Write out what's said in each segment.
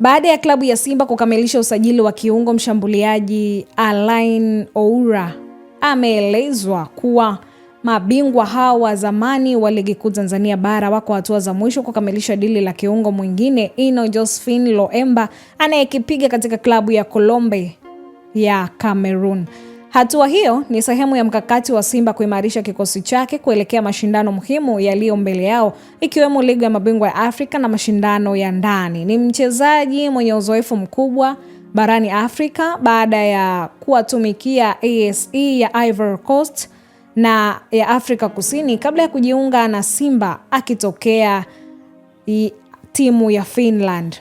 Baada ya klabu ya Simba kukamilisha usajili wa kiungo mshambuliaji Alain Oura, ameelezwa kuwa mabingwa hao wa zamani wa ligi kuu Tanzania bara wako hatua za mwisho kukamilisha dili la kiungo mwingine Ino Josephine Loemba anayekipiga katika klabu ya Colombe ya Cameroon. Hatua hiyo ni sehemu ya mkakati wa Simba kuimarisha kikosi chake kuelekea mashindano muhimu yaliyo mbele yao ikiwemo Ligi ya Mabingwa ya Afrika na mashindano ya ndani. Ni mchezaji mwenye uzoefu mkubwa barani Afrika baada ya kuwatumikia ASE ya Ivory Coast na ya Afrika Kusini kabla ya kujiunga na Simba akitokea timu ya Finland.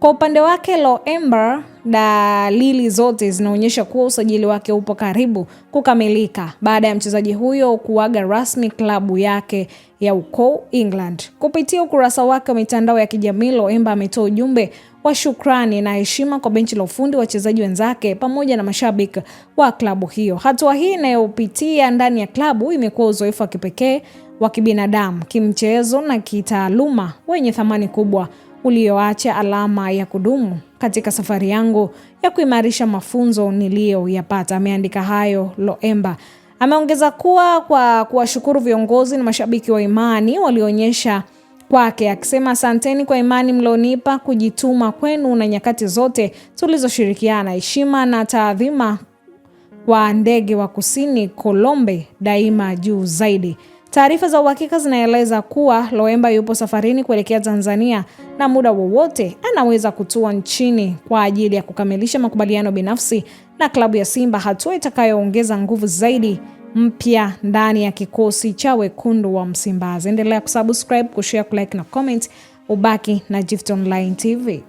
Kwa upande wake Lo Ember, dalili zote zinaonyesha kuwa usajili wake upo karibu kukamilika baada ya mchezaji huyo kuaga rasmi klabu yake ya uko England. Kupitia ukurasa wake wa mitandao ya kijamii, Lo Ember ametoa ujumbe wa shukrani na heshima kwa benchi la ufundi, wachezaji wenzake pamoja na mashabiki wa klabu hiyo. Hatua hii inayopitia ndani ya klabu imekuwa uzoefu wa kipekee wa kibinadamu, kimchezo na kitaaluma wenye thamani kubwa ulioacha alama ya kudumu katika safari yangu ya kuimarisha mafunzo niliyoyapata. Ameandika hayo Loemba. Ameongeza kuwa kwa kuwashukuru viongozi na mashabiki wa imani walioonyesha kwake akisema, asanteni kwa imani mlionipa, kujituma kwenu na nyakati zote tulizoshirikiana. Heshima na taadhima kwa ndege wa kusini Kolombe daima juu zaidi. Taarifa za uhakika zinaeleza kuwa loemba yupo safarini kuelekea Tanzania na muda wowote anaweza kutua nchini kwa ajili ya kukamilisha makubaliano binafsi na klabu ya Simba, hatua itakayoongeza nguvu zaidi mpya ndani ya kikosi cha wekundu wa Msimbazi. Endelea kusubscribe, kushare, kulike na comment. Ubaki na Gift Online TV.